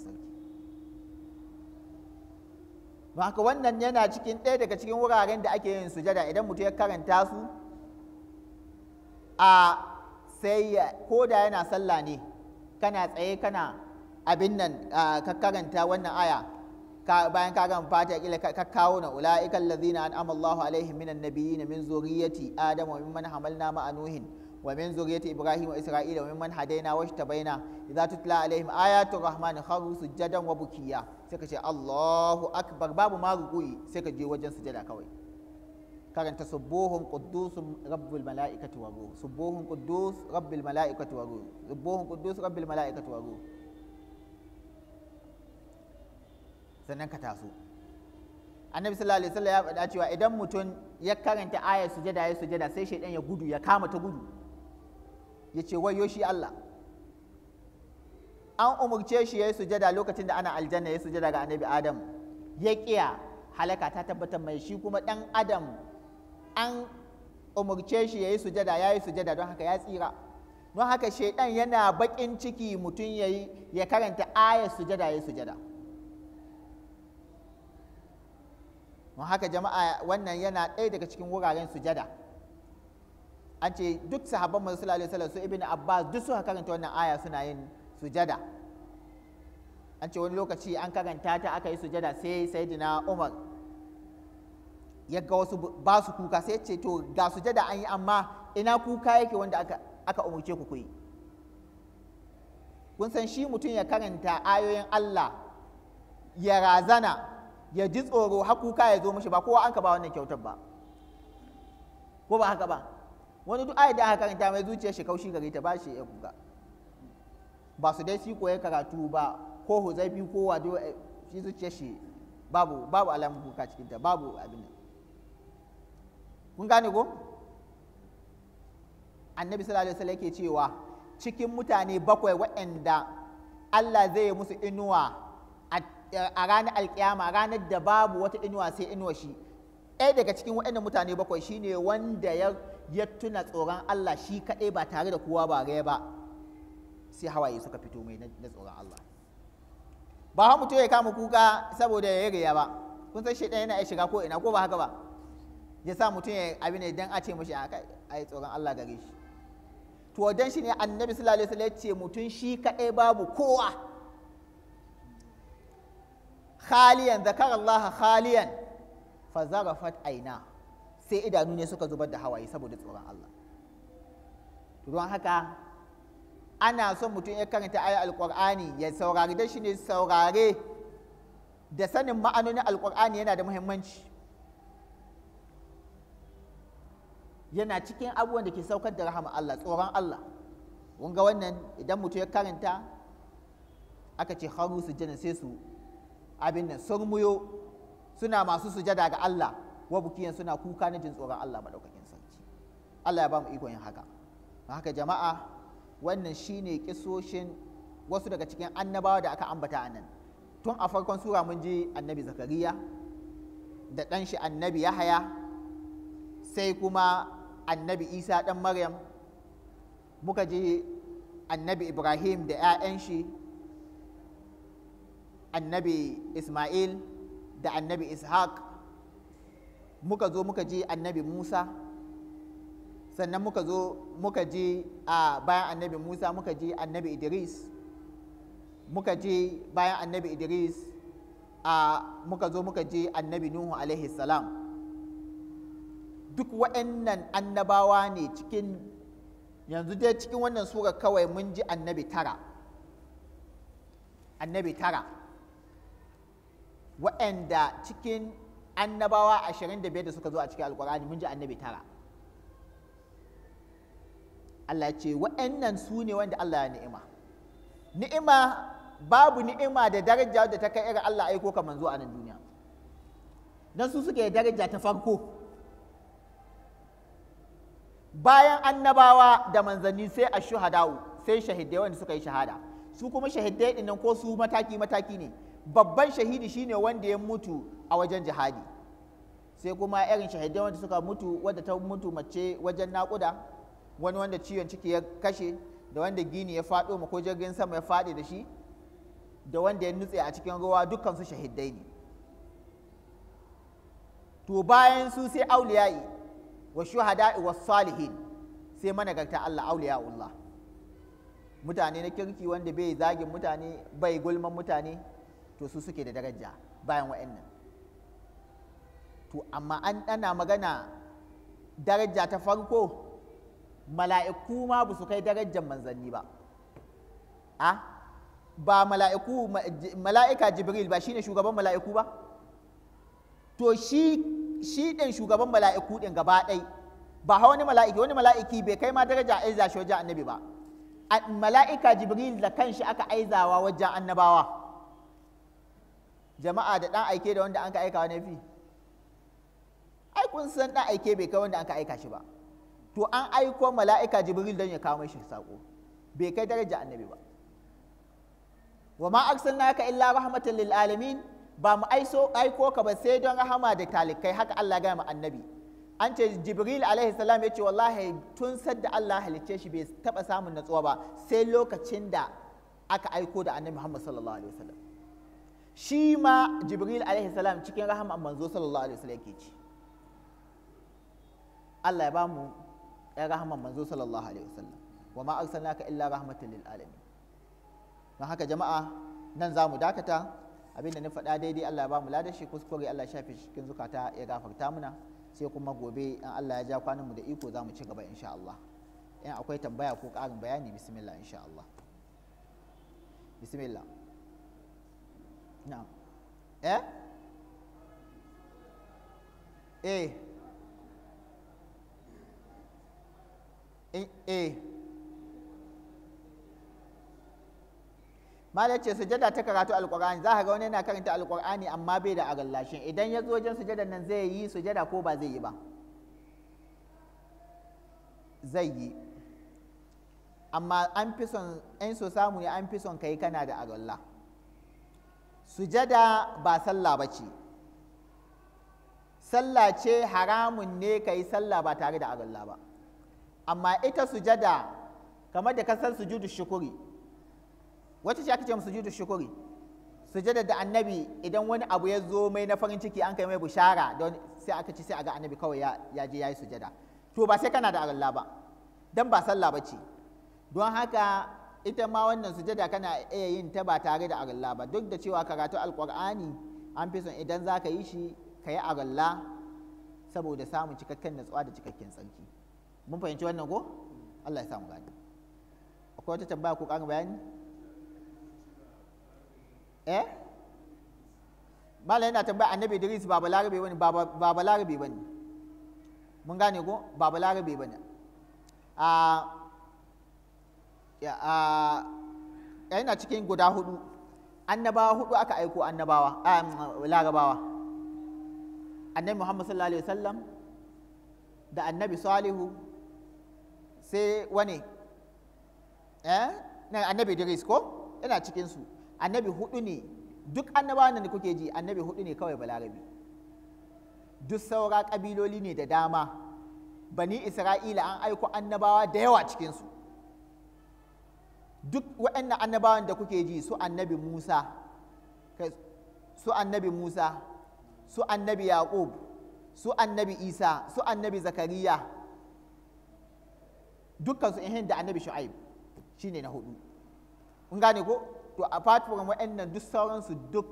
haka wannan yana cikin ɗaya daga cikin wuraren da ake yin sujada idan mutum ya karanta su a sai ko da yana sallah ne kana tsaye kana abin nan ka karanta wannan aya bayan ka gama fata kila ka kawo na ula'ikan lazina an'ama Allahu alaihim minan nabiyyin min zurriyyati adam wa mimman hamalna ma'a nuhin wa min zuriyati ibrahim wa isra'ila wa mimman hadaina wa ishtabaina idza tutla alaihim ayatu rahmani kharu sujadan wa bukiya sai ka ce Allahu akbar babu ma rukuyi sai ka je wajen sujada kawai karanta subuhun quddus rabbul malaikati wa subuhun subuhun sannan ka taso annabi sallallahu alaihi wasallam ya faɗa cewa idan mutum ya karanta ayar sujada ya sujada sai shaidan ya gudu ya kama ta gudu ya ce wayo shi Allah an umarce shi ya yi sujada lokacin da ana aljanna ya sujada ga annabi adam ya kiya halaka ta tabbatar mai shi kuma dan adam an umarce shi ya yi sujada ya yi sujada don haka ya tsira don haka shaidan yana bakin ciki mutum ya yi ya karanta ayar sujada ya yi sujada don haka jama'a wannan yana ɗaya daga cikin wuraren sujada an ce duk sahabban masu sallallahu alaihi wasallam su Ibn abbas duk suka karanta wannan aya suna yin sujada an ce wani lokaci an karanta ta aka yi sujada sai sayyidina umar ya ga wasu ba su kuka sai ce to ga sujada an yi amma ina kuka yake wanda aka aka ku kuyi kun san shi mutum ya karanta ayoyin Allah ya razana ya ji tsoro har kuka ya zo mishi ba kowa an ka ba wannan kyautar ba ko ba haka ba wani duk ayat da aka karanta mai zuciyar shi kaushi gare ta ba shi ya kuka ba su dai shi koyi karatu ba ko huzaifi ko wado eh, shi zuciyar shi babu babu alamun kuka cikin ta babu abin kun gane ko annabi sallallahu alaihi wasallam yake cewa cikin mutane bakwai waɗanda Allah zai yi musu inuwa a ranar alkiyama ranar da babu wata inuwa sai inuwa shi ɗaya daga cikin waɗannan mutane bakwai shine wanda ya ya tuna tsoron Allah shi kaɗai ba tare da kowa ba gaya ba sai hawaye suka fito mai na tsoron Allah ba ha mutum ya kama kuka saboda ya riya ba kun san shaidan yana shiga ko ina ko ba haka ba ya sa mutum ya abi ne dan a ce mishi a ai tsoron Allah gare shi to dan shi ne annabi sallallahu alaihi wasallam ya ce mutum shi kaɗai babu kowa khaliyan zakara Allah khaliyan fa zarafat aina sai idanu ne suka zubar da hawaye saboda tsoron Allah don haka ana son mutum ya karanta ayar alkur'ani ya saurari da shi ne saurare da sanin ma'anonin alkur'ani yana da muhimmanci yana cikin abubuwan da ke saukar da rahama Allah tsoron Allah wanga wannan idan mutum ya karanta aka ce haru jana sai su abin nan surmuyo suna masu sujada ga Allah wabukiyan suna kuka na jin tsoron Allah madaukakin sarki Allah ya ba mu ikon yin haka haka jama'a wannan shine kisoshin wasu daga cikin annabawa da aka ambata a nan tun a farkon sura mun ji annabi zakariya da ɗan shi annabi yahaya sai kuma annabi isa ɗan maryam muka ji annabi ibrahim da 'ya'yan shi annabi ismail da annabi ishaq muka zo muka ji annabi musa sannan muka zo muka ji a bayan annabi musa muka ji annabi idris muka ji bayan annabi idris a muka zo muka ji annabi nuhu alaihi salam duk waɗannan annabawa ne cikin yanzu dai cikin wannan sura kawai mun ji annabi tara annabi tara waɗanda cikin annabawa ashirin da biyar da suka zo a cikin alkur'ani mun ji annabi tara Allah ce wa'annan su ne wanda Allah ya ni'ima ni'ima babu ni'ima da daraja da ta kai irin Allah aiko ka manzo nan duniya dan su suke daraja ta farko bayan annabawa da manzanni sai a shuhada'u sai shahidai wanda suka yi shahada su kuma shahidai dinnan ko su mataki mataki ne babban shahidi shine wanda ya mutu a wajen jihadi sai kuma irin shahidai wanda suka mutu wadda ta mutu mace wajen naƙuda wani wanda ciwon ciki ya kashe da wanda gini ya faɗo ko jirgin sama ya faɗi da shi da wanda ya nutse a cikin ruwa dukkan su shahidai ne to bayan su sai auliya'i wa shuhada'i wa salihin sai managarta Allah Allah mutane na kirki wanda bai zagin mutane bai gulman mutane to su suke da daraja bayan wa'annan to amma an ɗana magana daraja ta farko mala'iku ma ba su kai darajar manzanni ba a ba mala'iku mala'ika jibril ba shine shugaban mala'iku ba to shi shi ɗin shugaban mala'iku ɗin gaba ɗai ba hau wani mala'iki wani mala'iki bai kai ma daraja aiza shi wajen annabi ba mala'ika jibril da kanshi aka aizawa wajen annabawa jama'a da ɗan aike da wanda an ka aika wani fi ai kun san ɗan aike bai kai wanda an ka aika shi ba to an aiko mala'ika jibril don ya kawo mai shi sako bai kai daraja annabi ba wa ma ka illa rahmatan lil alamin ba mu aiso aiko ka ba sai don rahama da talikai haka Allah ga mu annabi an ce jibril alaihi salam ya ce wallahi tun sadda Allah halicce shi bai taba samun natsuwa ba sai lokacin da aka aiko da annabi Muhammad sallallahu alaihi wasallam shi ma jibril alaihi salam cikin rahama manzo sallallahu alaihi wasallam yake ci Allah ya ba mu ya rahaman manzo sallallahu alaihi wasallam wa ma arsalnaka illa rahmatan lil alamin don haka jama'a nan za mu dakata abinda na faɗa daidai Allah ya ba mu ladar shi kuskure Allah ya shafe cikin zukata ya gafarta muna sai kuma gobe in Allah ya ja kwanan mu da iko za mu ci gaba insha Allah in akwai tambaya ko ƙarin bayani bismillah insha Allah bismillah na'am eh eh eh malar ce sujada ta karatu alkur'ani za ka ga wani yana karanta alkur'ani amma bai da agallashin idan ya zo wajen sujada nan zai yi sujada ko ba zai yi ba zai yi amma an fi son in so samu ne an fi son kai kana da agalla sujada ba sallah ba ce sallah ce haramun ne ka yi sallah ba tare da aralla ba amma ita sujada kamar da kasar sujudu shukuri wacce ce aka ce sujudu shukuri sujada da annabi idan wani abu ya zo mai na farin ciki an kai mai bushara don sai aka ci sai a annabi kawai ya je ya yi sujada to ba sai kana da aralla ba don ba sallah ba ce don haka ita ma wannan sujada kana iya yin ta ba tare da aralla ba duk da cewa karatu alkur'ani an fi son idan za ka yi shi ka yi aralla saboda samun cikakken natsuwa da cikakken tsarki mun fahimci wannan ko Allah ya samu gani akwai wata tambaya ko ƙarin bayani eh malam yana tambaya annabi Idris ba larabe bane ba larabe bane mun gane ko ba larabe bane a ah, yana cikin guda hudu annabawa hudu aka aiko annabawa larabawa annabi muhammad sallallahu alaihi wasallam da annabi salihu sai wane eh annabi diris ko yana cikinsu annabi hudu ne duk annabawa da kuke ji annabi hudu ne kawai balarabi duk saura kabiloli ne da dama bani isra'ila an aiko annabawa da yawa cikinsu duk waɗannan annabawan da kuke ji su annabi Musa su annabi Musa su annabi Yaqub su annabi Isa su annabi Zakariya dukkan su ihin da annabi Shu'aib shine na hudu kun gane ko to apart from waɗannan duk sauransu duk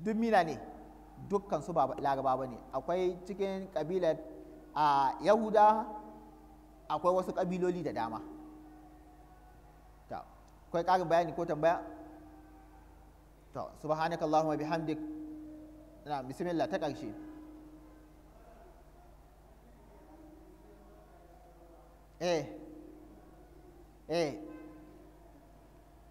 duk mina ne dukkan su ba laraba ne akwai cikin kabilar a Yahuda akwai wasu kabiloli da dama akwai ƙarin bayani ko tambaya to allahumma bihamdik na bismillah ta ƙarshe eh eh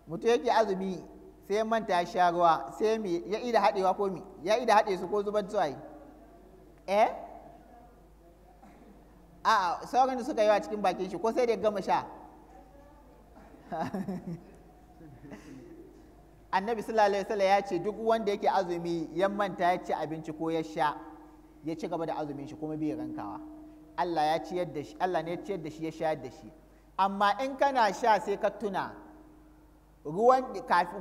mutu yake azumi sai manta ya sha ruwa sai mi ya ida haɗewa ko mi ya ida hade su ko zubar tsaye eh A'a ah, sauran da suka yi wa cikin bakin shi ko sai da gama sha annabi sallallahu alaihi wasallam ya ce duk wanda yake azumi ya manta ya ci abinci ko ya sha ya ci gaba da azumin shi kuma bai rankawa Allah ya ciyar da shi Allah ne ya ciyar da shi ya shayar da shi amma in kana sha sai ka tuna ruwan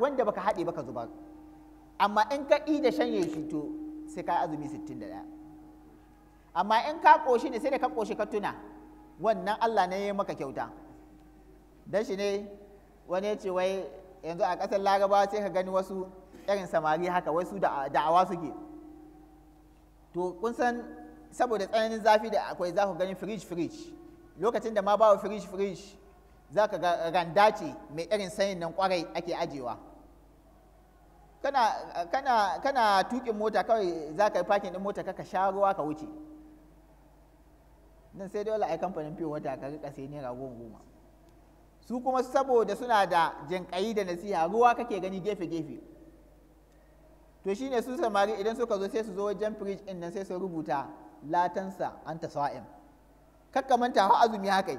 wanda baka haɗe baka zubar amma in ka da shanye shi to sai ka azumi 61 amma in ka ƙoshi ne sai da ka ƙoshi ka tuna wannan Allah ne ya maka kyauta dan shi ne wani ya ce wai yanzu a ƙasar larabawa sai ka gani wasu irin samari haka wasu da'awa suke to kun san saboda tsananin zafi da akwai za ku gani fridge fridge lokacin da ma bawa fridge fridge za ka randa ce mai irin sanyin nan kwarai ake ajewa kana kana kana tukin mota kawai za ka yi parking din mota ka sha ruwa ka wuce nan sai dole yi kamfanin fiye wata ka rika sai naira goma goma su kuma saboda suna da jinƙayi da nasiha ruwa kake gani gefe-gefe to shine su samari idan suka zo sai su zo wajen firij din nan sai su rubuta latansa an ta sa'im kakka manta ha azumi haka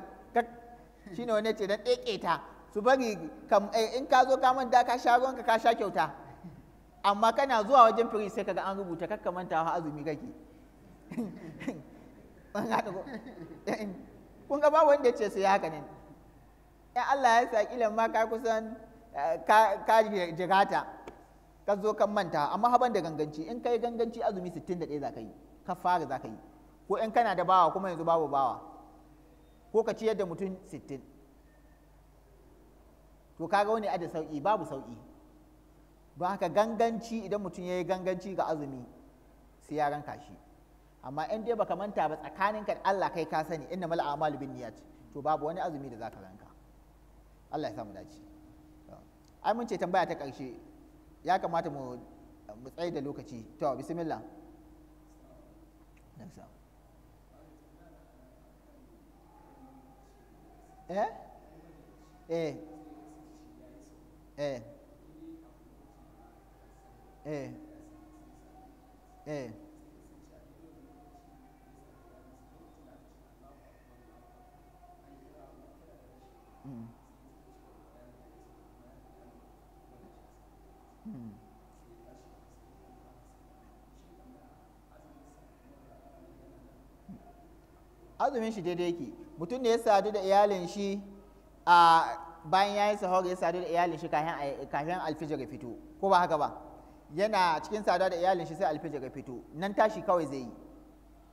(laughs) shine wani ce na ɗeƙeta su bari eh, in ka zo ka manta ka sha ruwanka ka sha kyauta amma kana zuwa wajen firij sai kaga an rubuta kakka manta ha azumi kake (laughs) kun ga ba wanda ya ce sai haka ne in Allah ya sa kilan ma ka kusan eh, ka jigata ka zo kan manta amma haban da ganganci in kai ganganci azumi 61 za ka yi ka fara za ka yi ko in kana da bawa kuma yanzu babu bawa ko ka ciyar da mutum 60 to kaga wani ada sauki babu sauki don haka ganganci idan mutum ya yi ganganci ga azumi sai ya ranka shi amma in dai baka manta ba tsakaninka da Allah kai ka sani inna mal a'malu bin niyyat to babu wani azumi da zaka ranka Allah ya samu dace ai mun ce tambaya ta ƙarshe ya kamata mu mu tsaye da lokaci to bismillah eh eh eh eh eh azumin shi daidai yake mutum da ya sadu da iyalin shi a bayan ya yi sahur ya sadu da iyalin shi kafin alfijir ya fito ko ba haka ba yana cikin saduwa da iyalin shi sai alfijir ya fito nan tashi kawai zai yi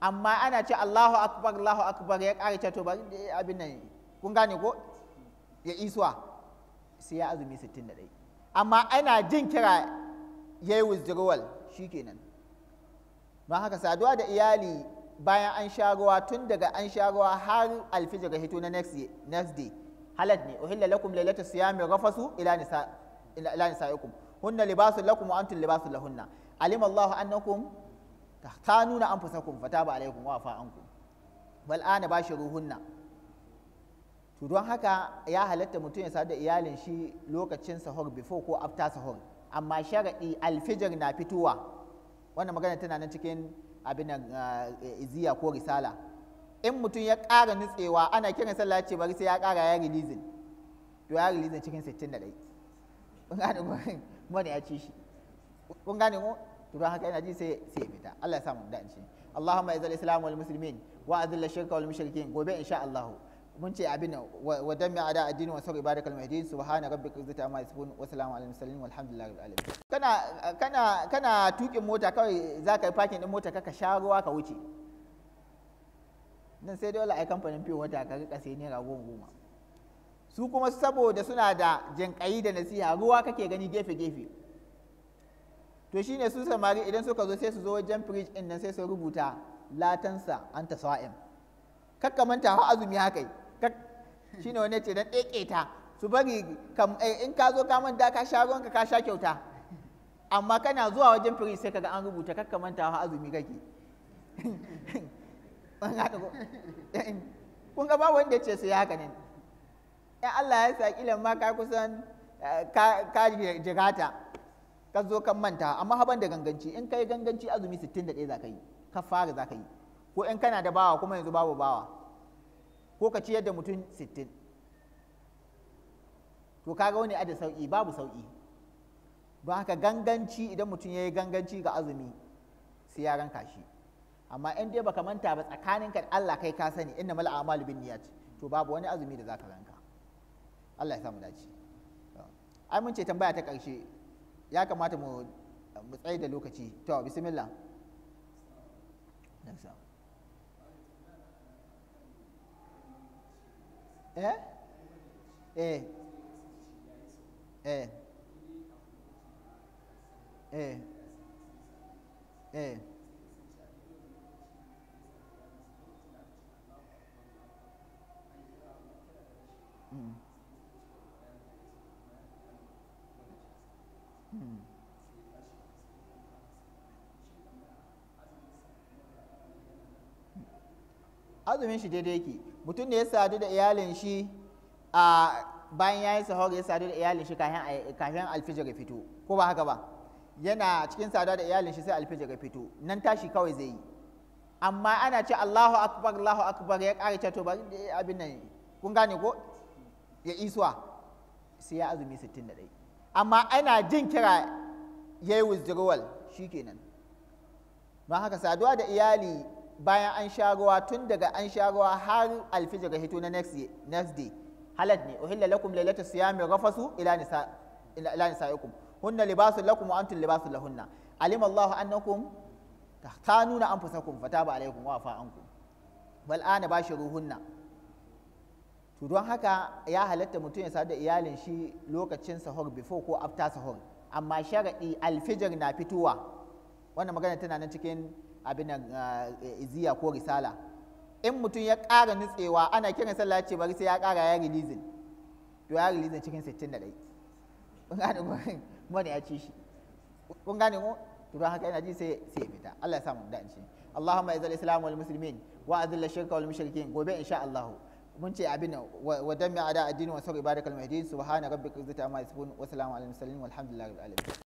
amma ana ce Allahu akbar Allahu akbar ya ƙara to ba abin nan kun gane ko ya isuwa sai ya azumi 61 amma ana jin kira ya yi withdrawal shikenan ba haka saduwa da iyali bayan an sha ruwa tun daga an sha ruwa har alfijir hito na next day halad ne uhilla lakum lailata siyami rafasu ila nisa ila nisaikum hunna libasun lakum wa antum libasun lahunna alima Allahu annakum tahtanuna anfusakum fataba alaykum wa afa ankum wal ana bashiruhunna to don haka ya halatta mutum ya sadu da iyalin shi lokacin sahur before ko after sahur amma sharadi alfijir na fitowa wannan magana tana nan cikin abin ah, eh, iziya ko risala in mutum ya ƙara nutsewa ana kiran sallah ce bari sai ya ƙara ya releasing to ya releasing cikin 61 kun gane ko (laughs) ya ci shi kun gane ko to don haka yana ji sai sai fita Allah ya sa in dace Allahumma izal islam wal muslimin wa azil shirka wal mushrikin gobe insha Allah mun ce abin wa dan mai ada addini wa sauri barakal mahdin subhana rabbika izzati amma yasifun wa salamu alal mursalin walhamdulillahi rabbil alamin kana kana kana tukin mota kawai zaka yi parking din mota ka sha ruwa ka wuce nan sai dole ai kamfanin fiye wata ka rika sai naira goma goma su kuma saboda suna da jinkayi da nasiha ruwa kake gani gefe gefe to shine su samari idan suka zo sai su zo wajen fridge din nan sai su rubuta latansa anta sa'im kakka manta ha azumi haka shine wani ce dan ɗeke ta su bari eh, in ka zo ka da ka sha ruwanka ka sha kyauta amma kana zuwa wajen firi sai kaga an rubuta kakka manta wa azumi kake (laughs) (laughs) kun ga ba wanda ya ce su ya haka ne in Allah ya sa kilan ma ka kusan eh, ka jirata ka zo kan manta amma haban da ganganci in kai ganganci azumi 61 za ka yi ka fara za ka yi ko in kana da bawa kuma yanzu babu bawa ko ka ciyar da mutum sittin to kaga wani ada sauki babu sauki don haka ganganci idan mutum ya yi ganganci ga azumi sai ya ranka shi amma in dai baka manta ba tsakanin ka Allah kai ka sani inna mal a'malu bin niyyat to babu wani azumi da zaka ranka Allah ya samu dace ai mun ce tambaya ta karshe ya kamata mu mu tsaye da lokaci to bismillah next eh, eh. eh. eh. Hmm. Hmm. azumin shi daidai yake mutum da ya sadu da iyalin shi a bayan ya yi sahur ya sadu da iyalin shi kafin alfijir ya fito ko ba haka ba yana cikin saduwa da iyalin shi sai alfijir ya fito nan tashi kawai zai yi amma ana ce Allahu akbar Allahu akbar ya ƙara to bari abin nan kun gane ko ya isuwa sai ya azumi 61 amma ana jin kira ya yi withdrawal shikenan ba haka saduwa da iyali bayan an sha ruwa tun daga an sha ruwa har alfijir hito na next day halad ne uhilla lakum lailata siyami rafasu ila nisa ila nisaikum hunna libasun lakum wa antum libasun lahunna alima Allahu annakum tahtanuna anfusakum fataba alaykum wa afa ankum wal ana bashiruhunna to don haka ya halatta mutum ya sadu da iyalin shi lokacin sahur before ko after sahur amma shara'i alfijir na fitowa wannan magana tana nan cikin abin ah, eh, iziya ko risala in mutum ya ƙara nutsewa ana kiran sallah ce bari sai ya ƙara ya rilizin to ya rilizin cikin 61 kun gane kuma (laughs) ne ya ci shi kun gane ko to don haka yana ji sai sai fita Allah ya samu dace Allahumma izal islam wal muslimin wa azil shirka wal mushrikin gobe insha Allah mun ce abin wa dammi ada addini wa sirri barakal mahdin subhana rabbika izzati amma yasifun wa salamun alal mursalin walhamdulillahi rabbil alamin